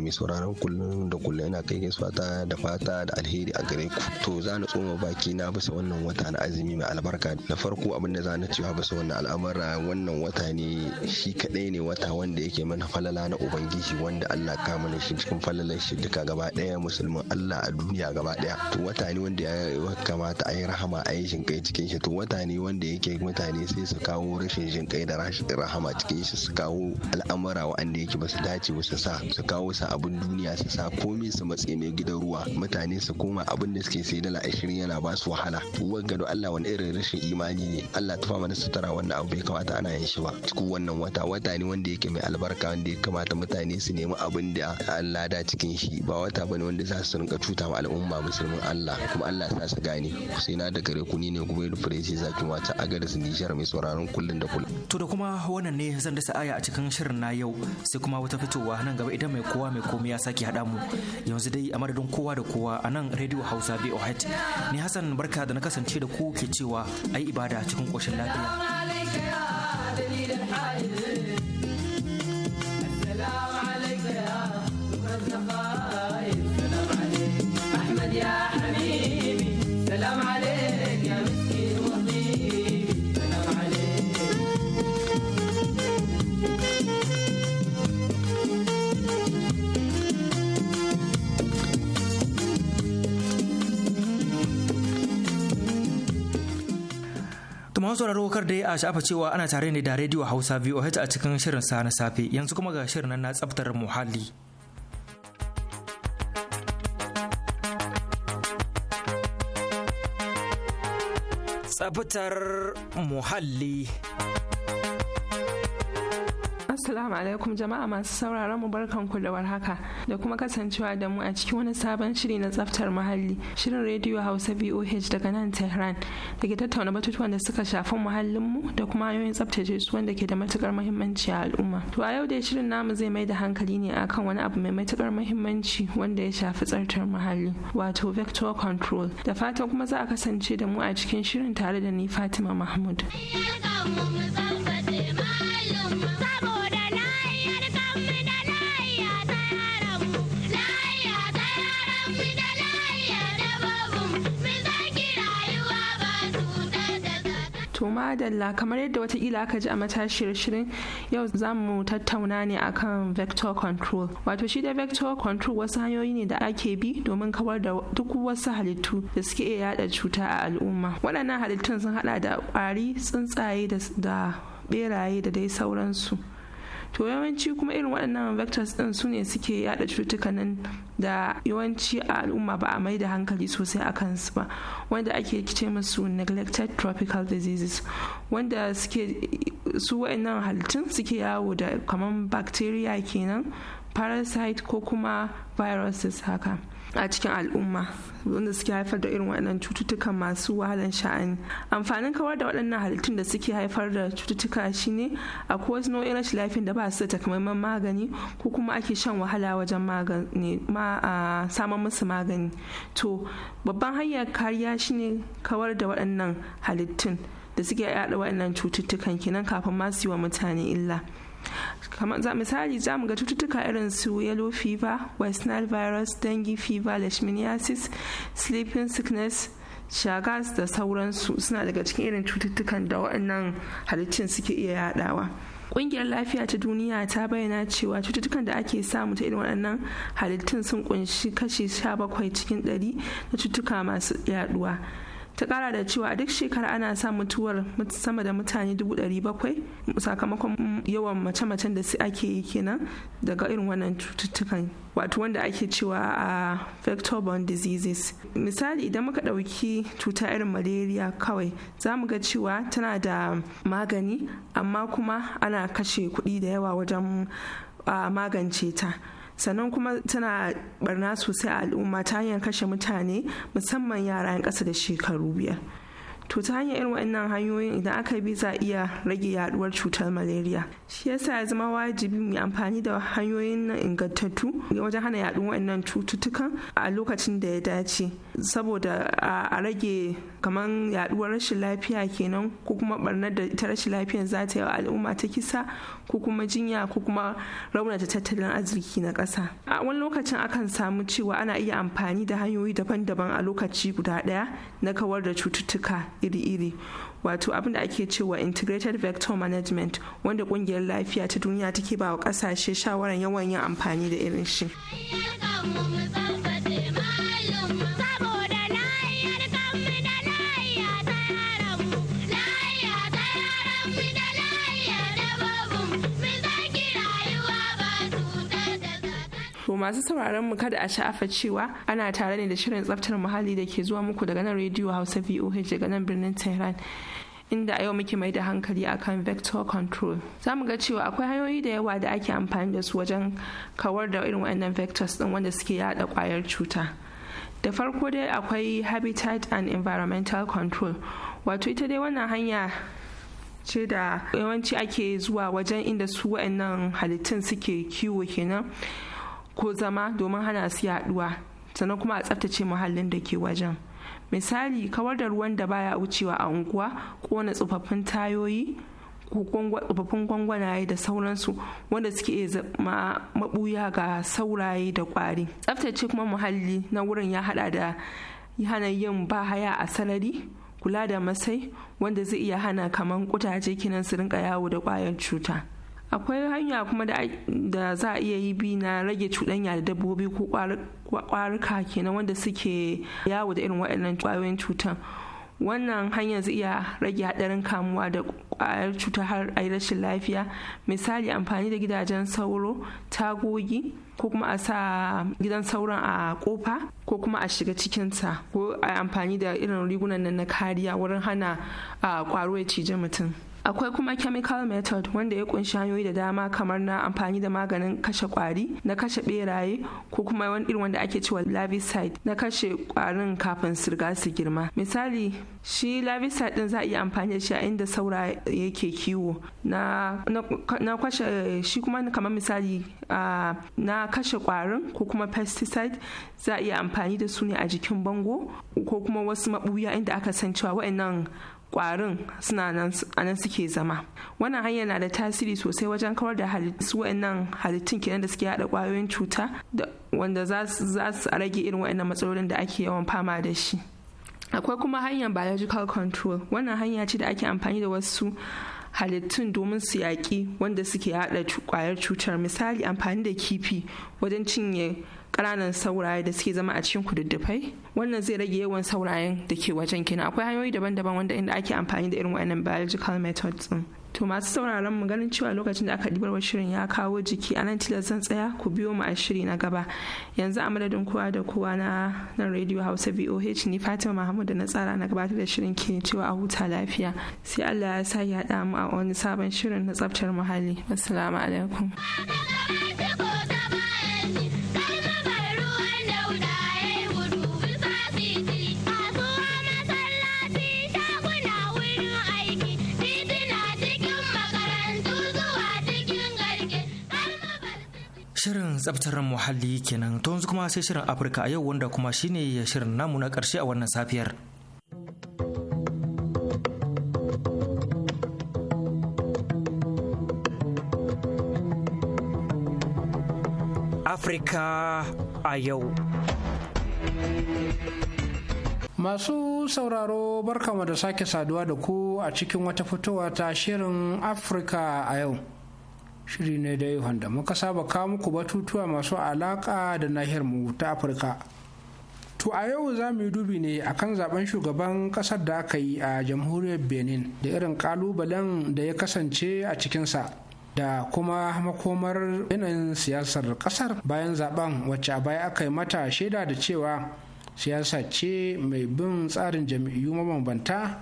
mai sauraron kullum da kullum yana kai gaisuwa ta da fata da alheri a gare ku to za na tsoma baki na bisa wannan wata na azumi mai albarka na farko abin da za na cewa bisa wannan al'amura wannan wata ne shi kadai ne wata wanda yake mana falala na ubangiji wanda Allah ka mana shi cikin falalar shi duka gaba daya musulmin Allah a duniya gaba daya to wata ne wanda ya kamata a yi rahama a yi shinkai cikin shi to wata ne wanda yake mutane sai su kawo rashin shinkai da rashin rahama cikin shi su kawo al'amura wa'anda yake ba su dace ba su sa su kawo sa abun duniya su sa komai su matse mai gidan ruwa mutane su koma abin da suke sai dala ashirin yana ba su wahala to gado Allah wani irin rashin imani ne Allah tufa mana sutura wannan abu bai kamata ana yin shi ba cikin wannan wata wata ne wanda yake mai albarka wanda ya kamata mutane su nemi abin da Allah da cikin shi ba wata bane wanda za su rinka cuta wa al'umma musulmin Allah kuma Allah sa su gane sai na da gare ku ni ne kuma Firesi Zaki a Agadis Nijar mai sauraron kullum da kullum. to da kuma wannan ne zan dasa aya a cikin shirin na yau sai kuma wata fitowa nan gaba idan mai kowa mai komai ya sake haɗa mu yanzu dai a madadin kowa da kowa a nan rediyo hausa boh ni hassan barka da na kasance da ku ke cewa ai ibada cikin koshin lafiya To masu sauraro kar dai a sha'afa cewa ana tare ne da rediyo Hausa VOH a cikin shirin sa na safe yanzu kuma ga shirin na tsaftar muhalli. Tsaftar muhalli. Assalamu alaikum jama'a masu sauraron mu barkanku da warhaka da kuma kasancewa da mu a cikin wani sabon shiri na tsaftar muhalli shirin rediyo Hausa VOH daga nan Tehran da ke tattauna batutuwan da suka shafi muhallin mu da kuma hanyoyin tsaftace su wanda ke da matukar muhimmanci a al'umma. To a yau dai shirin namu zai mai da hankali ne akan wani abu mai matukar muhimmanci wanda ya shafi tsartar muhalli wato vector control da fatan kuma za a kasance da mu a cikin shirin tare da ni Fatima Mahmud. To madalla kamar yadda watakila aka ji a matashiyar shirin yau za mu tattauna ne akan vector control. Wato shi da vector control wasu hanyoyi ne da ake bi domin kawar da duk wasu halittu da suke iya yada cuta a al'umma. Waɗannan halittun sun hada da ƙwari, tsuntsaye da beraye da dai sauransu. to yawanci kuma irin waɗannan vectors ɗin su ne suke yada cututtukan nan da yawanci a al'umma ba a mai da hankali sosai a kansu ba wanda ake ce musu neglected tropical diseases wanda suke su waɗannan halittun suke yawo da kamar bacteria kenan parasite ko kuma viruses haka a cikin al'umma wanda suke haifar da irin waɗannan cututtukan masu wahalan sha'ani amfanin kawar da waɗannan halittun da suke haifar da cututtuka shine a wasu nau'in rashin lafiyan da ba su da takamaiman magani ko kuma ake shan wahala wajen magani ma a samun musu magani to babban hanyar kariya shine kawar da waɗannan halittun da suke yaɗa waɗannan cututtukan kenan kafin ma su yi wa mutane illa kamar za misali za mu ga cututtuka irin su yellow fever west nile virus dengue fever leishmaniasis sleeping sickness shagas da sauransu suna daga cikin irin cututtukan da waɗannan halittun suke iya yadawa Ƙungiyar lafiya ta duniya ta bayyana cewa cututtukan da ake samu ta irin waɗannan halittun sun kunshi kashi 17 cikin 100 na cututtuka masu yaduwa ta kara da cewa a duk shekara ana sa mutuwar sama da mutane 700 sakamakon yawan mace-macen da ake yi kenan daga irin wannan cututtukan wato wanda ake cewa a vector borne diseases misali idan muka ɗauki cuta irin malaria kawai za mu ga cewa tana da magani amma kuma ana kashe kuɗi da yawa wajen magance ta sannan kuma tana barna sosai a al'umma ta hanyar kashe mutane musamman yara 'yan ƙasa da shekaru biyar to ta hanyar irin wannan hanyoyin idan aka bi za iya rage yaduwar cutar malaria shi yasa ya zama wajibi mu amfani da hanyoyin nan ingantattu wajen hana yaduwar wannan cututtukan a lokacin da ya dace saboda a rage kamar yaduwar rashin lafiya kenan ko kuma barnar da ita rashin lafiyar za ta yi wa al'umma ta kisa ko kuma jinya ko kuma raunata tattalin arziki na ƙasa a wani lokacin akan samu cewa ana iya amfani da hanyoyi daban-daban a lokaci guda ɗaya na kawar da cututtuka iri-iri wato abin da ake cewa integrated vector management wanda ƙungiyar lafiya ta duniya take ba wa ƙasashe shawarar yawan yin amfani da irin shi. To masu sauraron mu kada a sha'afa cewa ana tare ne da shirin tsaftar muhalli da ke zuwa muku daga nan rediyo Hausa VOH daga nan birnin Tehran. inda a yau muke mai da hankali akan vector control za mu ga cewa akwai hanyoyi da yawa da ake amfani da su wajen kawar da irin wannan vectors din wanda suke yada kwayar cuta da farko dai akwai habitat and environmental control wato ita dai wannan hanya ce da yawanci ake zuwa wajen inda su wa'annan halittun suke kiwo kenan ko zama domin hana su yaduwa sannan kuma a tsaftace muhallin da ke wajen misali kawar da ruwan da baya wucewa a unguwa kona tsofaffin tayoyi ko tsofaffin gwangwanaye da sauransu wanda suke iya zama mabuya ga sauraye da kwari tsaftace kuma muhalli na wurin ya hada da hana yin bahaya a sarari kula da masai wanda zai iya hana kaman kutaje kinan su rinka yawo da kwayar cuta akwai hanya kuma da za a iya yi bi na rage cuɗanya da dabbobi ko kwaruka kenan wanda suke yawo da irin waɗannan ƙwayoyin cutan wannan hanyar zai iya rage haɗarin kamuwa da ƙwayar cuta har a rashin lafiya misali amfani da gidajen sauro tagogi ko kuma a sa gidan sauron a kofa ko kuma a shiga cikinsa ko a amfani da irin rigunan nan na kariya wurin hana ƙwaro ya cije mutum akwai kuma chemical method wanda ya kunshi hanyoyi da dama kamar na amfani da maganin kashe kwari na kashe beraye ko kuma wani irin wanda ake cewa larvicide na kashe kwarin kafin su riga su girma misali shi larvicide din za a iya amfani da shi a inda saura yake kiwo na na kashe shi kuma kamar misali na kashe kwarin ko kuma pesticide za a iya amfani da su ne a jikin bango ko kuma wasu mabuya inda aka san cewa waɗannan kwarin suna nan suke zama wannan hanyar na da tasiri sosai wajen kawar da su wayannan halittun kenan da suke hada kwayoyin cuta wanda za su rage irin wayannan matsalolin da ake yawan fama da shi akwai kuma hanyar biological control wannan hanya ce da ake amfani da wasu halittun domin su yaƙi wanda suke hada kwayar cutar misali amfani da kifi wajen cinye Kananan sauraye da suke zama a cikin kududdufai wannan zai rage yawan saurayen da ke wajen kina akwai hanyoyi daban-daban wanda inda ake amfani da irin waɗannan biological methods din to masu sauraron mu ganin cewa lokacin da aka wa shirin ya kawo jiki a nan zan tsaya ku biyo mu a shiri na gaba yanzu a madadin kowa da kowa na nan radio hausa voh ni fatima mahmud da na tsara na gabatar da shirin ke cewa a huta lafiya sai allah ya sa ya haɗa mu a wani sabon shirin na tsaftar muhalli assalamu alaikum tsabtar muhalli kenan to yanzu kuma sai shirin Afirka a yau wanda kuma shine shirin namu na karshe a wannan safiyar. Afirka a yau. Masu sauraro barkamu da sake saduwa da ku a cikin wata fitowa ta shirin Afirka a yau. shiri ne da wanda muka saba kawo muku batutuwa masu alaka da nahiyar mu ta afirka to a yau za mu yi dubi ne a kan zaben shugaban kasar da aka yi a jamhuriyar benin da irin kalubalen da ya kasance a cikinsa da kuma makomar yanayin siyasar kasar bayan zaben wacce a baya aka yi mata shaida da cewa siyasa ce mai bin tsarin jam'iyyu mabambanta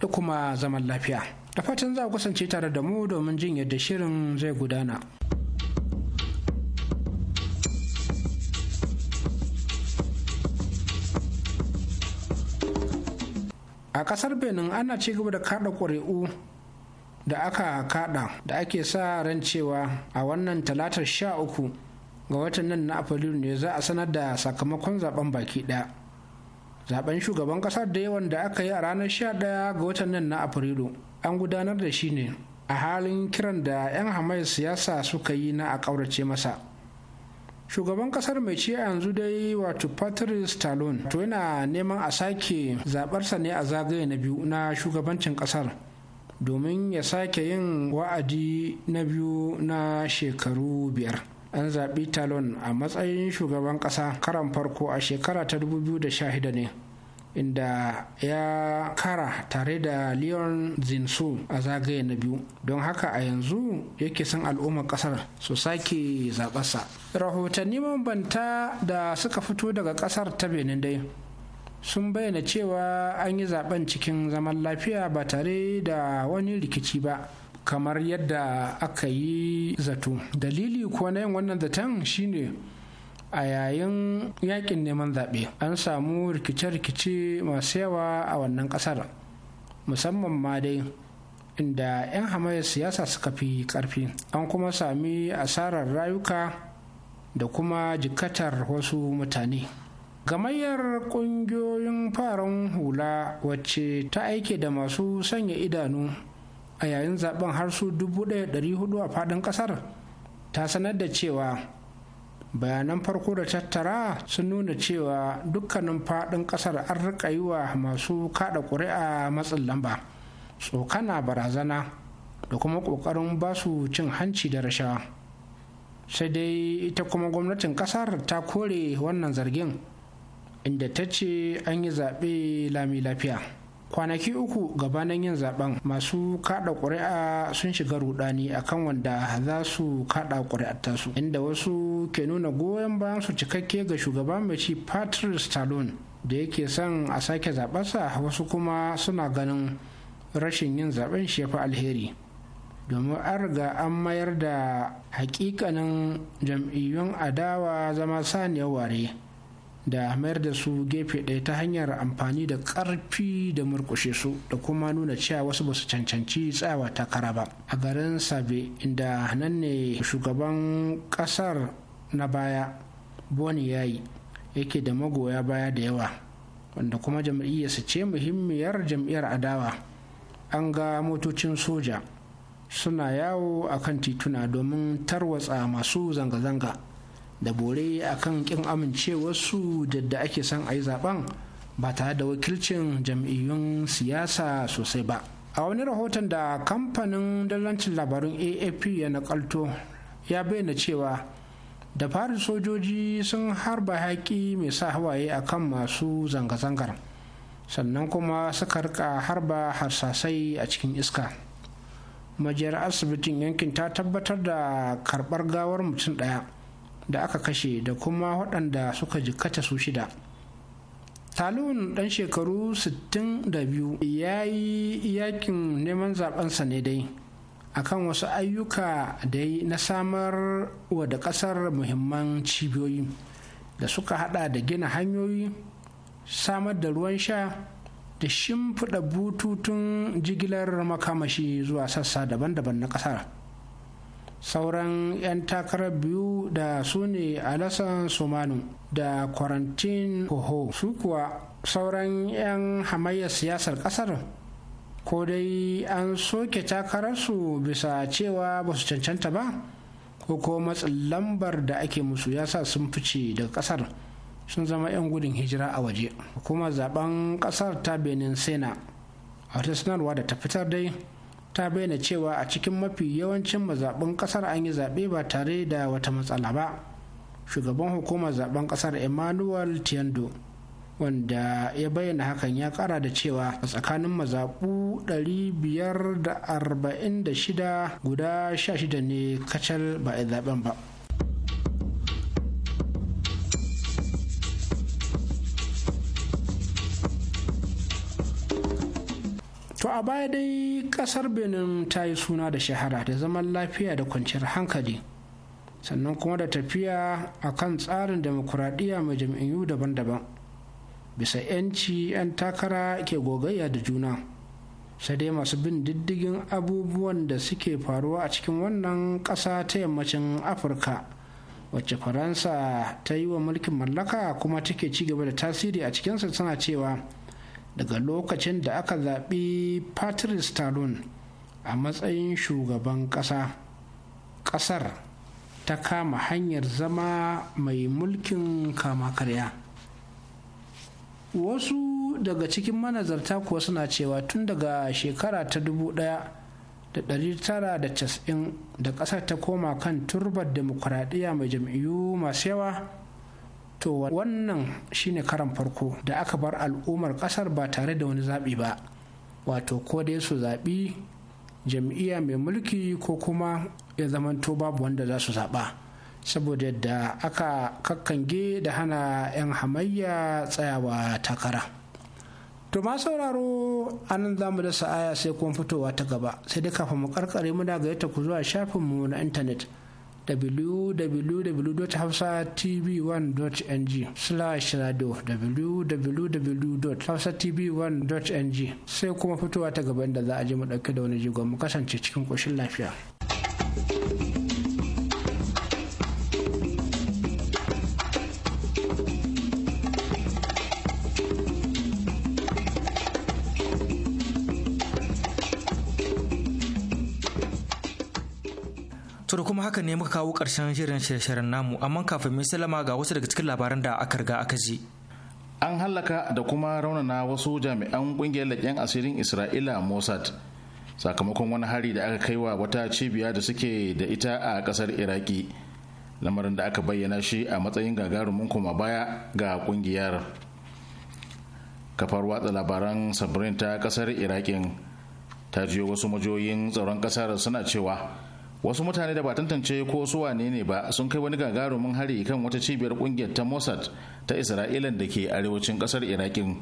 da kuma zaman lafiya. da fatan za kusance tare da mu domin jin yadda shirin zai gudana a kasar benin ana ci gaba da kada ƙuri'u da aka kada da ake sa ran cewa a wannan talatar sha uku ga watan nan na afrilu ne za a sanar da sakamakon zaben baki daya zaben shugaban kasar da yawan da aka yi a ranar sha daya ga watan nan na afrilu an gudanar da shi ne a halin kiran da 'yan hamayar siyasa suka yi na a ƙaurace masa shugaban kasar mai ci yanzu dai wato patrice talon to yana neman a sake zabarsa ne a zagaye na biyu na shugabancin kasar domin ya sake yin wa'adi na biyu na shekaru biyar an zaɓi talon a matsayin shugaban ƙasa karan farko a shekara ta 2016 ne inda ya kara tare da leon zinsu a zagaye na biyu don haka a yanzu yake son al'ummar kasar su sake zaɓarsa rahotanni mabanta da suka fito daga kasar ta benin dai sun bayyana cewa an yi zaben cikin zaman lafiya ba tare da wani rikici ba kamar yadda aka yi zato dalili kuwa na yin wannan zaton shine a yayin yakin neman zaɓe an samu rikice-rikice masu yawa a wannan ƙasar musamman ma dai inda 'yan hamayar siyasa suka fi ƙarfi an kuma sami asarar rayuka da kuma jikatar wasu mutane gamayyar ƙungiyoyin faran hula wacce ta aike da masu sanya idanu a yayin zaben har su 1400 a faɗin ƙasar ta sanar da cewa bayanan farko da tattara sun nuna cewa dukkanin faɗin ƙasar an rika yi wa masu kaɗa ƙuri'a matsin lamba tsokana barazana da kuma ƙoƙarin su cin hanci da rashawa sai dai ita kuma gwamnatin ƙasar ta kore wannan zargin inda ta ce an yi zaɓe lami lafiya kwanaki uku gabanin yin zaben masu kada ƙuri'a sun shiga rudani akan wanda za su kada ƙuri'ar su. inda wasu ke nuna goyon bayan su cikakke ga shugaban mai ci patrice talon da yake son a sake zaɓarsa wasu kuma suna ganin rashin yin zaben shi fi alheri domin an riga an mayar da hakikanin jam'iyyun adawa zama saniyar ware da mayar da su gefe ɗaya ta hanyar amfani da ƙarfi da murƙushe su da kuma nuna cewa wasu ba su cancanci tsayawa takara ba a garin sabe inda nan ne shugaban ƙasar na baya boni yi yake da magoya baya da yawa wanda kuma su ce muhimmiyar jam'iyyar adawa an ga motocin soja suna yawo a kan tituna domin tarwatsa masu zanga-zanga da bore akan kin amincewarsu da ake son a yi zaben ba tare da wakilcin jam'iyyun siyasa sosai ba a wani rahoton da kamfanin dalancin labarun AAP ya nakalto ya bayyana cewa da fari sojoji sun harba haƙi mai sa hawaye a kan masu zanga-zangar sannan kuma suka rika harba harsasai a cikin iska majiyar asibitin yankin ta tabbatar da karɓar gawar mutum ɗaya da aka kashe da kuma waɗanda suka jikkata su shida talun ɗan shekaru 62 ya yi yakin neman zaɓensa ne dai akan wasu ayyuka da yi na samar wa da ƙasar muhimman cibiyoyi da suka hada da gina hanyoyi samar da ruwan sha da shimfiɗa bututun jigilar makamashi zuwa sassa daban-daban na ƙasar. sauran 'yan takarar biyu da su ne alasan somanu da kwarantin hoho su kuwa sauran 'yan hamayyar siyasar kasar ko dai an soke takararsu bisa cewa ba su cancanta ba ko ko matsin lambar da ake musu ya sa sun fice daga kasar sun zama 'yan gudun hijira a waje kuma zaben kasar ta benin sena a wata sanarwa da ta fitar dai ta bayyana cewa a cikin mafi yawancin mazaɓin ƙasar an yi zaɓe ba tare da wata matsala ba shugaban hukumar zaɓen ƙasar emmanuel tiendo wanda ya bayyana hakan ya ƙara da cewa a tsakanin mazaɓu 546 guda 16 ne kacal ba a zaben ba to a baya dai kasar benin ta yi suna da shahara da zaman lafiya da kwanciyar hankali sannan kuma da tafiya a kan tsarin demokuraɗiyya mai jam'iyyu daban-daban bisa 'yanci 'yan takara ke gogayya da juna sai dai masu bin diddigin abubuwan da suke faruwa a cikin wannan ƙasa ta yammacin afirka wacce faransa ta yi wa mulkin mallaka kuma take ci gaba da tasiri a cikinsa suna cewa daga lokacin da aka zaɓi patrice talon a matsayin shugaban ƙasa ƙasar ta kama hanyar zama mai mulkin kama karya wasu daga cikin manazarta kuwa suna cewa tun daga shekara ta dubu ɗaya da ɗari tara da da ƙasar ta koma kan turbar demokuraɗiyya mai jam'iyyu masu yawa to wannan shine karan farko da aka bar al'ummar kasar ba tare da wani zaɓi ba wato ko dai su zaɓi jam'iyya mai mulki ko kuma ya zamanto babu wanda za su zaɓa saboda yadda aka kakkange da hana 'yan hamayya tsayawa takara to ma sauraro anan za mu da sa'aya sai kuma fitowa ta gaba sai dai kafin mu karkare muna gayyata ku zuwa shafinmu na intanet wwwhafsatv 1ng slash radio wwwhafsatv 1ng sai kuma fitowa ta gaban da za a je mu ɗauke da wani jigon mu kasance cikin koshin lafiya. kuma haka ne muka kawo ƙarshen shirin shirin namu amma kafin mai salama ga wasu daga cikin labaran da aka riga aka ji. An hallaka da kuma raunana wasu jami'an ƙungiyar leƙen asirin Isra'ila Mossad sakamakon wani hari da aka kai wa wata cibiya da suke da ita a ƙasar Iraki. Lamarin da aka bayyana shi a matsayin gagarumin kuma baya ga ƙungiyar. Kafar watsa labaran Sabrin ta ƙasar iraki ta jiyo wasu majoyin tsaron ƙasar suna cewa wasu mutane da ba tantance ko su wane ne ba sun kai wani gagarumin hari kan wata cibiyar kungiyar ta mossad ta isra'ila da ke arewacin kasar irakin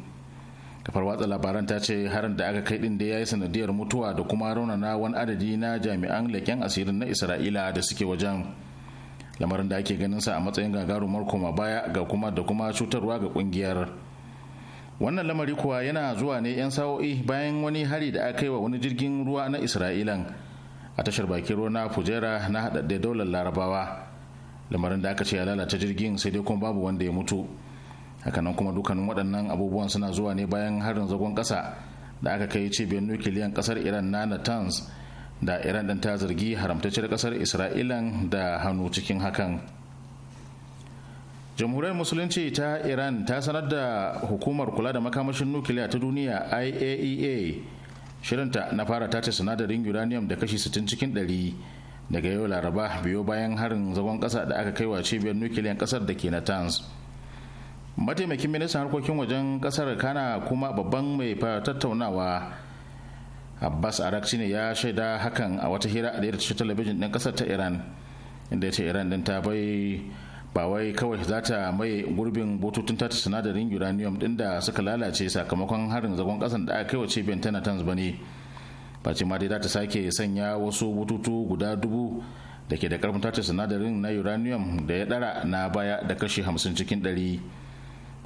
kafar watsa labaran ta ce harin da aka kai din da ya yi sanadiyar mutuwa da kuma raunana wani adadi na jami'an leken asirin na isra'ila da suke wajen lamarin da ake ganin sa a matsayin gagarumar koma baya ga kuma da kuma cutarwa ga kungiyar wannan lamari kuwa yana zuwa ne 'yan sa'o'i bayan wani hari da aka kai wa wani jirgin ruwa na isra'ilan a tashar bakin ruwa na fujera na haɗaɗɗe daular larabawa lamarin da aka ce ya lalata jirgin sai dai kuma babu wanda ya mutu hakanan kuma dukkanin waɗannan abubuwan suna zuwa ne bayan harin zagon ƙasa da aka kai cibiyar nukiliyan ƙasar iran na natanz da iran ɗin ta zargi haramtacciyar ƙasar isra'ilan da hannu cikin hakan jamhuriyar musulunci ta iran ta sanar da hukumar kula da makamashin nukiliya ta duniya iaea e shirinta na fara tace sinadarin uranium da kashi 60 cikin 100 daga yau laraba biyo bayan harin zagon kasa da aka kai wa cibiyar nukiliyan kasar da ke tans. mataimakin ministan harkokin wajen kasar kana kuma babban mai tattaunawa abbas arakci ne ya shaida hakan a wata hira da ya talabijin ɗin kasar ta iran inda ya ce iran din ta bai ba wai kawai za ta mai gurbin bututun tata sinadarin uranium din da suka lalace sakamakon harin zagon kasan da aka wace bentana tans ba ne face ma dai za ta sake sanya wasu bututu guda dubu da ke da karfin tata sinadarin na uranium da ya dara na baya da kashi hamsin cikin dari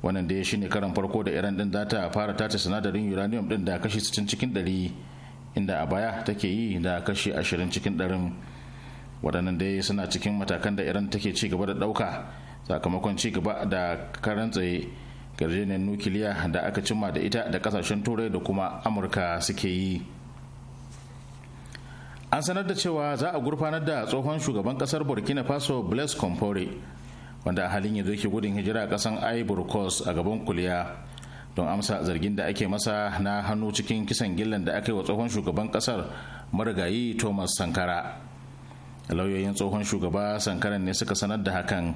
wannan dai shine karan farko da iran din za ta fara tata sinadarin uranium din da kashi 60 cikin dari inda a baya take yi da kashi ashirin cikin darin. waɗannan dai suna cikin matakan da iran take ci gaba da ɗauka sakamakon ci gaba da karan tsaye nukiliya da aka cimma da ita da kasashen turai da kuma amurka suke yi an sanar da cewa za a gurfanar da tsohon shugaban kasar burkina faso blaise compaore wanda a halin yanzu ke gudun hijira kasan ivory coast a gaban kuliya don amsa zargin da ake masa na hannu cikin kisan gillan da aka yi wa tsohon shugaban kasar marigayi thomas sankara lauyoyin tsohon shugaba sankaran ne suka sanar da hakan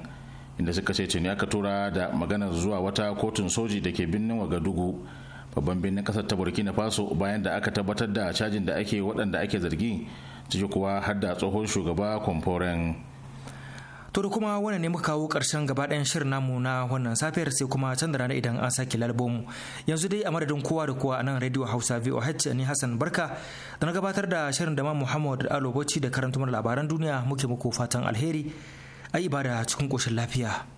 inda suka ce tuni aka tura da maganar zuwa wata kotun soji da ke birnin wagadugu babban birnin kasar ta burkina faso bayan da aka tabbatar da cajin da ake waɗanda ake zargi ciki kuwa har da tsohon shugaba komforen To da kuma wannan ne muka kawo ƙarshen gaba ɗayan shirin namu na wannan safiyar sai kuma canza da rana idan an sake lalbomu. Yanzu dai a madadin kowa da kowa a nan Radio Hausa VOH ni Hassan Barka da na gabatar da shirin da ma Muhammad alobaci da karantar labaran duniya muke muku fatan alheri. Ai ibada cikin ƙoshin lafiya.